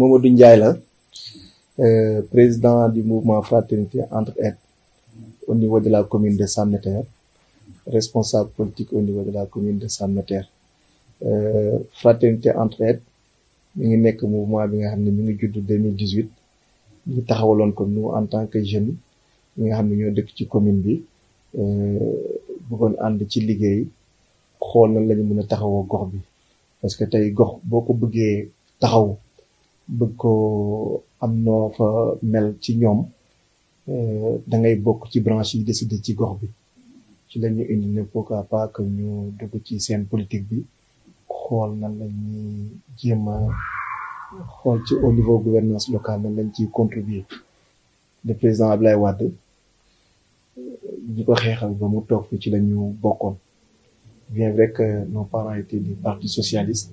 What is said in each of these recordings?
Mamadou Ndiaye euh, président du mouvement Fraternité entre aides au niveau de la commune de saint Notaire responsable politique au niveau de la commune de Sam Euh, Fraternité entre aides nous ngi nekk mouvement bi nga xam ne 2018 Nous travaillons comme nous en tant que jeune nous nga xam ne ñoo dëkk ci commune bi euh, ànd ci liggéey xool nan la ñu mën a gox bi parce que tey gox beaucoup ko bëggee taxaw bëgg ko am noo fa mel ci ñoom euh, da ngay bokk ci branche yi décidé ci gox bi ci la ñu indi ne pourquoi pas que ñu dugg ci seen politique bi xool nan la ñuy jéem a xool ci au niveau gouvernance locale nan lañ ciy contribuer le président Ablaye Wade ñi euh, ko xeexal ba mu toog fi ci la ñu bokkoon bien vrai que nos parents étaient du parti socialiste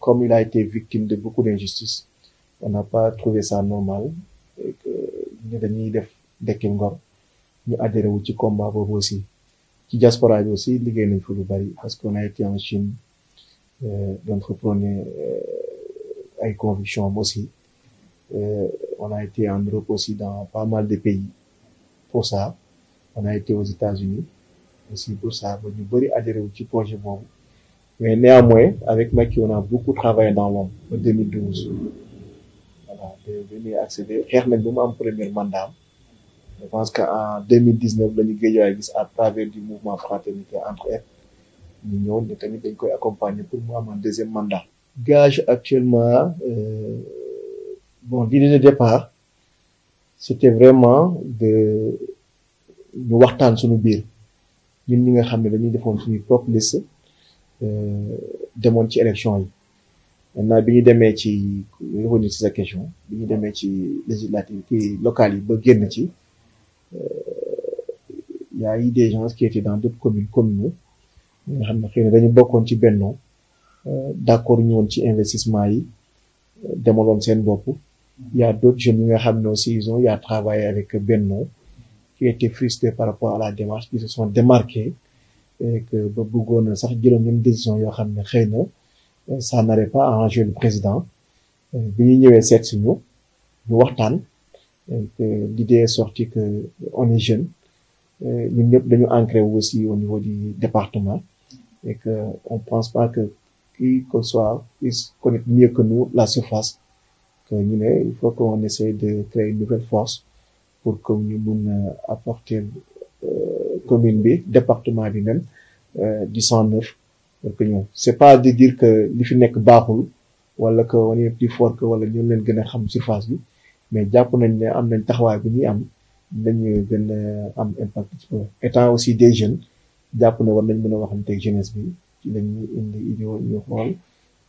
comme il a été victime de beaucoup d'injustices on n'a pas trouvé ça normal et que ñu dañuy def dekki ngor ñu combat aussi ci diaspora aussi les nañ fa lu parce qu'on a été en Chine euh, d'entreprendre euh, des conviction aussi euh, on a été en Europe aussi dans pas mal de pays pour ça on a été aux États-Unis aussi pour ça que ñu bari adhéré wu ci projet boobu mais néanmoins, avec Maki, on a beaucoup travaillé dans l'ombre en 2012. Voilà, de venir accéder. Hernek, mon premier mandat. Je pense qu'en 2019, le Nigeria à travers du mouvement Fraternité entre elles. Nous avons accompagné pour moi mon deuxième mandat. Gage actuellement, euh, bon, l'idée de départ, c'était vraiment de nous voir sur nos biens. Nous avons fait notre propre liste. Euh, demoon ci élection yi maintenant bi ñu demee ci revenir ci sa question bi ñu demee ci législative ki locale yi ba génn ci euh, y a eu des gens qui étaient dans d'autres communes communaux nga xam na xëy na dañu bokkoon ci bennoo euh, d'accord ñu woon ci investissement yi loon seen bopp y a d'autres jeunes yi nga xam ne aussi ils ont y a travaillé avec bennoo qui étaient frustrés par rapport à la démarche qui se sont démarqués et que ba bëggoon na sax jëloon yenn décision yoo xam ne euh, ça n'allait pas ranger le président euh, bi ñu ñëwee seet si ñu ñu waxtaan l'idée est sortie que on est jeune euh, ñun ñëpp dañu ancré aussi au niveau du département et que on pense pas que qui que soit puisse connaît mieux que nous la surface que ñu ne il faut qu'on essaye de créer une nouvelle force pour que ñu mun apporter commune bi département bi même euh, du cent que c'est pas de dire que li fi nek baxul wala que on est plus fort que wala ñu leen gëna a xam surface bi mais japp nañ né am nañ taxaway bu ñi am dañu gën am impact ci étant aussi des jeunes japp ne war nañ mëna a waxante jeunesse bi ci lañuy indi idéo ñu xol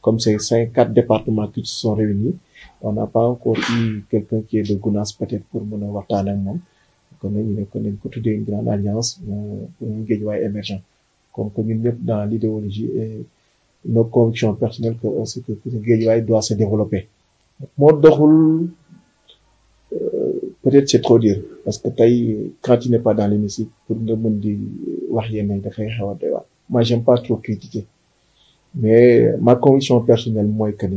comme ces cinq quatre départements qui se sont réunis on n'a pas encore eu quelqu'un qui est de Gounass peut-être pour mëna waxtaan ak moom kon nag ñu ne kon nañ une grande alliance euh, pour un Guédiawaye émergent comme que ñun ñëpp dans l'idéologie et nos convictions personnelles que euh, c'est que doit se développer moo doxul euh, peut-être c'est trop dire parce que quand tu n'es pas dans l'hémicycle pour nga mën di wax yenn dafay xaw a doy moi j'aime pas trop critiquer mais ma conviction personnelle moi, que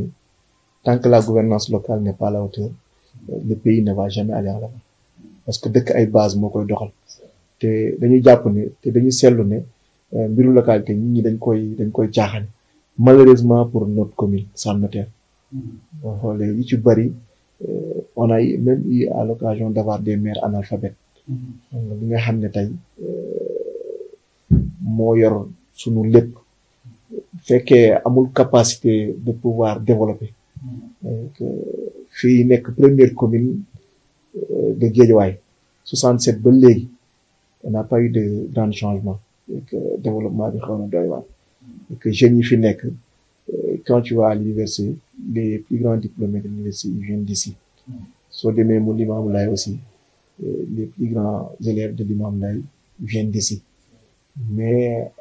tant que la gouvernance locale n'est pas à la hauteur le pays ne va jamais aller en avant parce que dëkk ay base moo koy doxal te dañuy jàpp ne te dañuy sellu ne euh, mbiru localité nit ñi dañ koy dañ koy caaxaan malheureusement pour notre commune Sam Notaire boo xoolee yi ci bëri euh, on a même eu à l'occasion d'avoir des maires analphabètes mm-hmm. bi nga xam ne tey euh, moo yor sunu lépp fekkee amul capacité de pouvoir développer mm-hmm. fii nekk première commune euh, de Guédiawaye 67 ba on n'a pas eu de grand changement avec que euh, développement de Rwanda et que génie euh, quand tu vas à l'université les plus grands diplômés de l'université viennent d'ici Soit des l'imam aussi les plus grands élèves de l'imam Laye viennent d'ici mais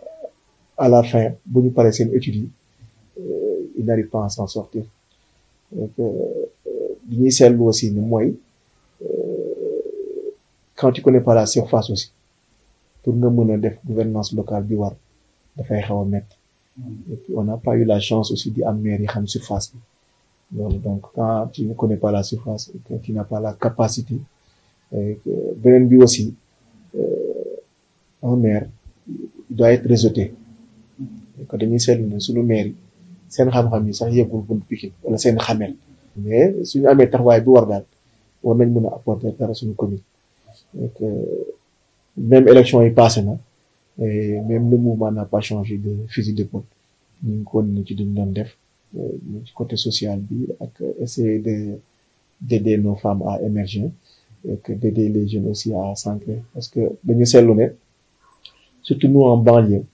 à la fin vous nous paraissez étudier, ils n'arrivent pas à s'en sortir donc l'initial aussi nous mooy quand tu connais pas la surface aussi pour nga mën a def gouvernance locale bi war dafay xaw et on n'a pas eu la chance aussi di am maire yi xam surface donc quand tu ne connais pas la surface quand tu n'as pas la capacité ben bi aussi euh, un maire doit être réseauté que dañuy seetlu ne le maire yi seen xam-xam yi sax yeggul on a c'est seen xamel mais suñu amee taxawaay bi war daal war nañ mën a apporter sur le comité que euh, même élection est passé et même le mouvement n'a pas changé de physique de ñu euh, ngi côté social bi essayer d'aider nos femmes à émerger et que d'aider les jeunes aussi à s'ancrer parce que nous ben, sommes surtout nous en banlieue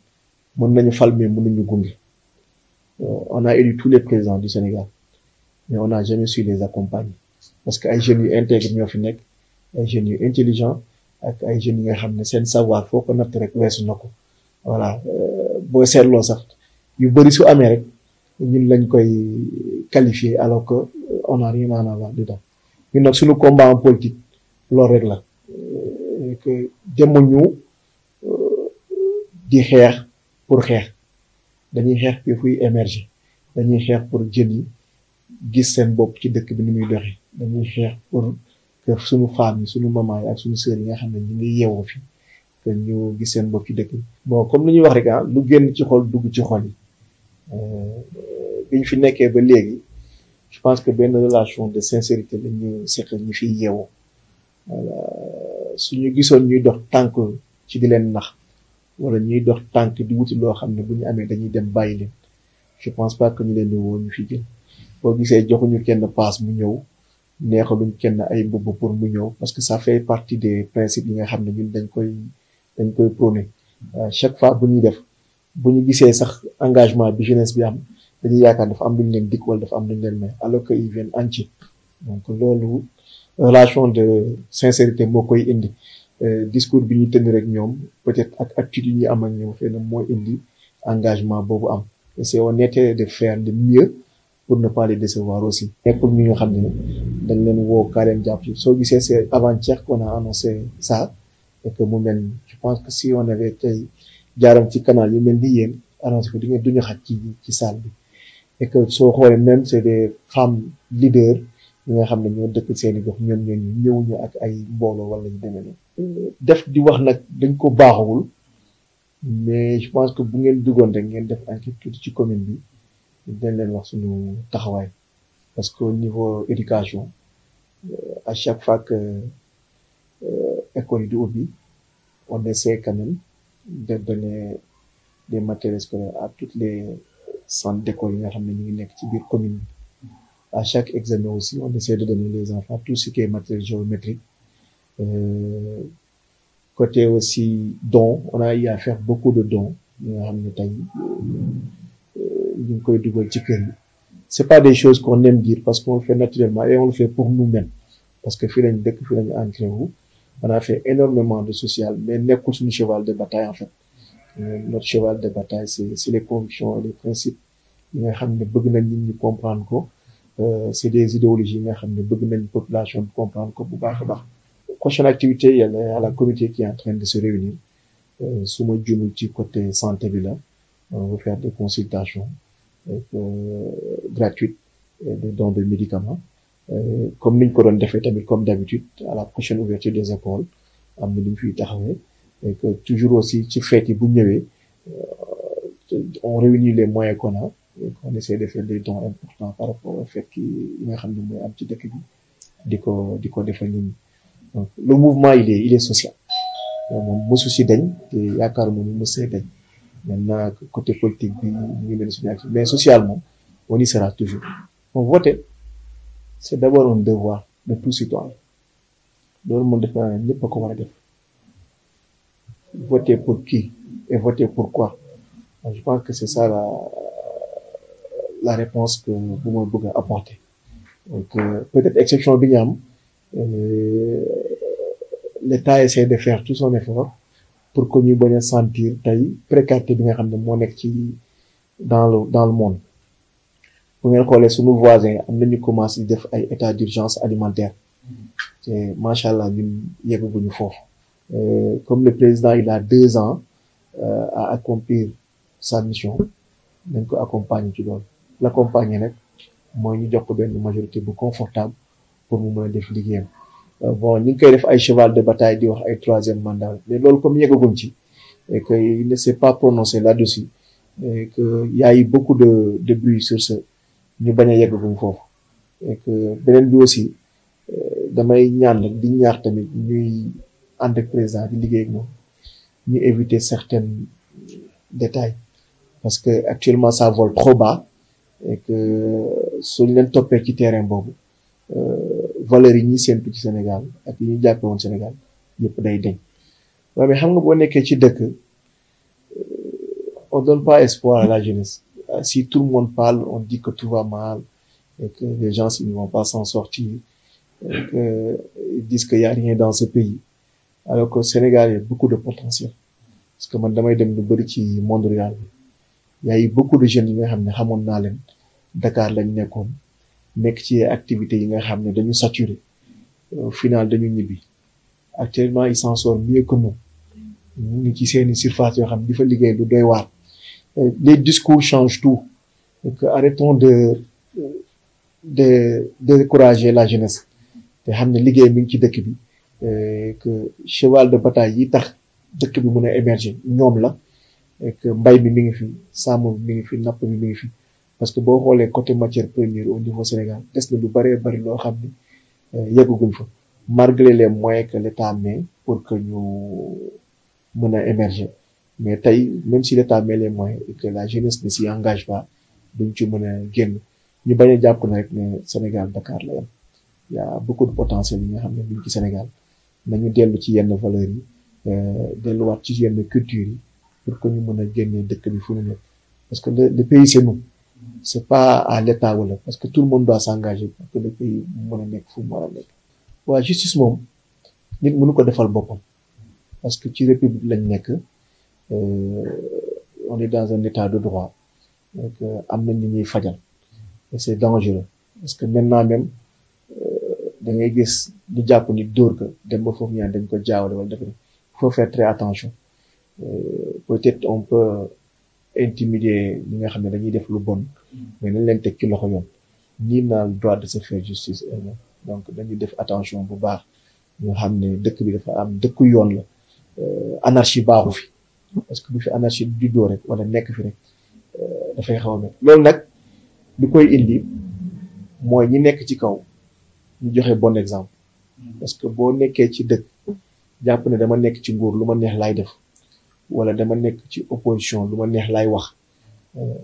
euh, on a élu tous les présidents du Sénégal mais on n'a jamais su les accompagner parce que jeune jeunes intègre ingénieur intelligent ak ay jeunes yi nga savoir foo ko voilà euh, sax yu su rek ñun lañ alors que euh, on n'a rien à avoir dedans ñun combat en politique loolu rek la euh, que demuñu di xeex pour xeex dañuy pour émerger dañuy pour ci dëkk bi ni muy pour. que suñu femmes yi suñu maman yi ak suñu sœurs yi nga xam ne ñu ngi yeewoo fii que ñu gis seen bopp ci dëkk bon comme lu ñuy wax rek ah lu génn ci xol dugg ci xol yi euh, biñ fi nekkee ba léegi je pense que benn relation de sincérité la ñu seq ñu fiy yeewoo voilà suñu gisoon ñuy dox tànk ci di leen nax wala ñuy dox tànk di wuti loo xam ne bu ñu amee dañuy dem bàyyi leen je pense pas que ñu leen di woo ñu fi jël boo gisee joxuñu kenn paas bu ñëw neexaluñ kenn ay mbubb pour mu ñëw parce que ça fait partie des principes yi nga xam ne ñun dañ koy dañ koy prôné euh, chaque fois bu ñuy def bu ñu gisee sax engagement bi jeunesse bi am dañuy yaakaar dafa am lu ñu leen dikk wala dafa am lu leen may alors que ils viennent entier donc loolu relation de sincérité moo koy indi euh, discours bi ñu tënn rek ñoom peut-être ak attitude yi ñu am ak ñoom xëy na moo indi engagement boobu am c'est on de faire de mieux pour ne pas les décevoir aussi. Nekul ñu nga xam ne dañ leen woo kaa leen jàpp ci c'est avant-hier qu'on a annoncé ça et que mu mel je pense que si on avait tey jaaram ci canal yu mel ni yéen annoncé ko di ngeen duñu xaj ci ci salle bi et que soo xoolee même c'est des femmes leaders ñi nga xam ne ñoo dëkk seen i gox ñoom ñoo ñëwuñu ak ay mbooloo wala ñu demee noonu. def di wax nag dañ ko baaxawul mais je pense que bu ngeen duggoon rek ngeen def enquête tuuti ci commune bi dans les loisirs de parce qu'au niveau éducation euh, à chaque fois que euh, école yi on essaie quand même de donner des matériels scolaires à toutes les centres d'école yi commune à chaque examen aussi on essaie de donner les enfants tout ce qui est matériel géométrique euh, côté aussi dons on a eu à faire beaucoup de dons c'est pas des choses qu'on aime dire parce qu'on le fait naturellement et on le fait pour nous-mêmes parce que fii lañ que fii lañu on a fait énormément de social mais pas le cheval de bataille en fait euh, notre cheval de bataille c'est les convictions les principes nañ nit ñi comprendre euh, c'est des idéologies yi nga nañ population comprendre ko bu baax prochaine activité il y a la comité qui est en train de se réunir sous euh, suma multi ci côté santé bi on va faire des consultations euh, euh, gratuite euh, de dons de médicaments comme une ko de comme d'habitude à la prochaine ouverture des écoles à na lu et que toujours aussi tu fais et bu on réunit les moyens qu'on a et qu'on essaie de faire des dons importants par rapport au fait qu'il nga a am ci donc le mouvement il est il est social dañ maintenant côté politique mais socialement, on y sera toujours on voter c'est d'abord un devoir de tout citoyen citoyens. Le de ne comment voter pour qui et voter pourquoi je pense que c'est ça la la réponse que vous me apporter donc euh, peut-être exception bi euh, l'État essaie de faire tout son effort pour que ñuy bañ a sentir tey précarité bi nga xam ne moo ci dans le dans le monde bu ngeen xoolee suñu voisin am nañu commencé di def ay état d'urgence alimentaire te macha allah ñun yeggaguñu foofu euh, comme le président il a deux ans euh, à accomplir sa mission nañ ko accompagner ci loolu l'accompagner nag mooy ñu jox ko majorité bu confortable pour mu mën a def euh, bon ñu ngi koy def ay cheval de bataille di wax ay troisième mandat mais loolu comme yeggaguñ ci et que il ne s'est pas prononcé là-dessus et que y a eu beaucoup de de bruit sur ce ñu bañ a yeggaguñ foofu et que beneen bi aussi euh, damay ñaan nag di ñaax tamit ñuy ànd ak président di liggéey ak moom ñu éviter certains détails parce que actuellement ça vole trop bas et que suñ leen toppee ci terrain boobu valeur yi ñuy petit ci Sénégal ak yi ñu jàppe woon Sénégal yëpp day deñ waaye mais xam nga boo nekkee ci dëkk euh, on donne pas espoir à la jeunesse euh, si tout le monde parle on dit que tout va mal et que les gens ne vont pas s'en sortir et que ils disent qu'il n'y a rien dans ce pays alors que Sénégal il y a beaucoup de potentiel parce que man damay dem lu bëri ci monde rural Il y a eu beaucoup de jeunes yi nga xam ne xamoon naa leen Dakar lañ nekkoon nekk ci activité yi nga xam ne dañu saturé euh, au final dañu ñibbi actuellement ils s'en sortent mieux que nous ñu ngi ci seeni surface yoo xam ne di fa liggéey doy waar euh, les discours changent tout donc arrêtons de de euh, de décourager la jeunesse te xam ne liggéey mi ngi ci dëkk bi que cheval de bataille yi tax dëkk bi mën a émerger ñoom la que mbay bi mi ngi fi sàmm mi ngi fi napp bi mi ngi fi parce que boo xoolee côté matière première au niveau Sénégal des na lu bëree bëri loo xam ni de euh, fa malgré les moyens que l'État met pour que ñu mën a émerger mais tey même si l'État met les moyens et que la jeunesse ne s'y engage pas duñ ci mën a génn ñu bañ a jàpp na rek ne Sénégal Dakar la yam y a beaucoup de potentiel yi nga xam ne ñu ci Sénégal nañu dellu ci yenn valeurs yi euh, delluwaat ci yenn culture yi pour que ñu mën a génnee dëkk bi fu ñu nekk parce que le pays c'est nous c'est pas à l'état wala parce que tout le monde doit s'engager pour que le pays mën a fou fu mu juste a nekk justice nous nit mënu ko defal boppam parce que ci république nek euh, on est dans un état de droit donc euh, am nañ li et c'est dangereux parce que maintenant même euh, da ngay gis ñu jàpp ni dóor ko dem ba foofu ñaan dañ ko jaawale wala def faut faire très attention euh, peut-être on peut intimider ñi nga xam ne dañuy def lu bon mais nañ leen teg ci loxo yoon ñii naa droit de se faire justice elle donc dañuy def attention bu baax ñu xam ne dëkk bi dafa am dëkku yoon la euh, anarchie baaxu fi parce que bu fi anarchie juddoo rek wala nekk fi rek euh, dafay xaw a loolu nag li koy indi mooy ñi nekk ci kaw ñu joxe bon exemple parce que boo nekkee ci dëkk jàpp ne dama nekk ci nguur lu ma neex laay def wala dama nekk ci opposition lu ma neex laay wax euh,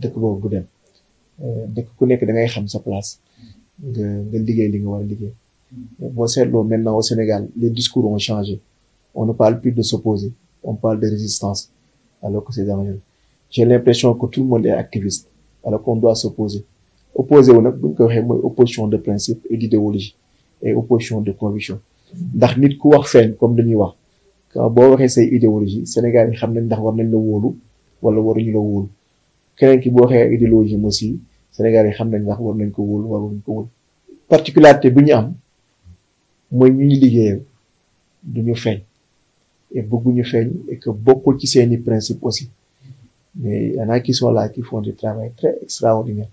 dëkk boobu bu dem euh, dëkk ku nekk da ngay xam sa place nga nga liggéey li nga war a liggéey boo seetloo maintenant au Sénégal les discours ont changé on ne parle plus de s'opposer on parle de résistance alors que c'est dangereux j'ai l'impression que tout le monde est activiste alors qu'on doit s'opposer opposé wu nag bu ñu ko waxee mooy opposition de principe et d'idéologie et opposition de conviction ndax nit ku wax feeñ comme dañuy wax waaw boo waxee say idéologie Sénégal yi xam nañ ndax war nañ la wóolu wala waruñu la wóolu keneen ki boo waxee idéologie mo si Sénégal yi xam nañ ndax war nañ ko wóolu waruñ ko wóolu particularité bi ñu am mooy ñu ñu liggéeyal du ñu feeñ et bëgguñu feeñ et que bokkul ci seeni principe aussi mais anaa en a qui sont là qui travail très extraordinaire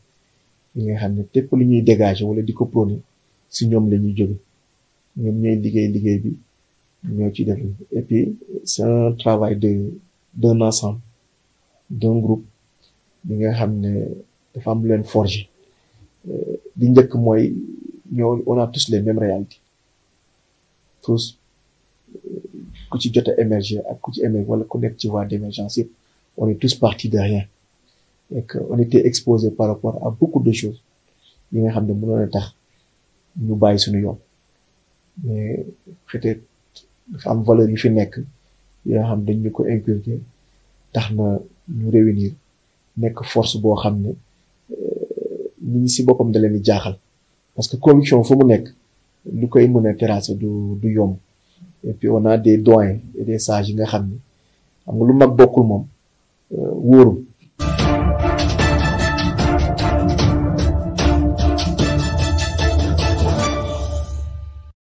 ñi nga xam ne tépp lu ñuy dégage wala di ko prôner si ñoom lañuy ñuy jóge ñoom ñooy liggéey liggéey bi et puis c'est un travail de d'un ensemble d'un groupe bi nga xam am forger euh, on a tous les mêmes réalités tous Quand euh, tu jot émergé, émerger à ku ci émerger wala ku nekk ci d'émergence on est tous partis de rien et qu'on on était exposé par rapport à beaucoup de choses yi nga xam ne mënoon tax ñu bàyyi suñu mais peut-être dafa am valeur yu fi nekk yoo xam dañ ñu ko inculquer tax na ñu réunir nekk force boo xam ne euh, nit ñi si boppam da leen di jaaxal parce que conviction fu mu nekk lu koy mën a terrasser du du yomb et puis on a des doyens et des sages yi nga xam ni xam nga lu mag bokkul moom euh, wóorul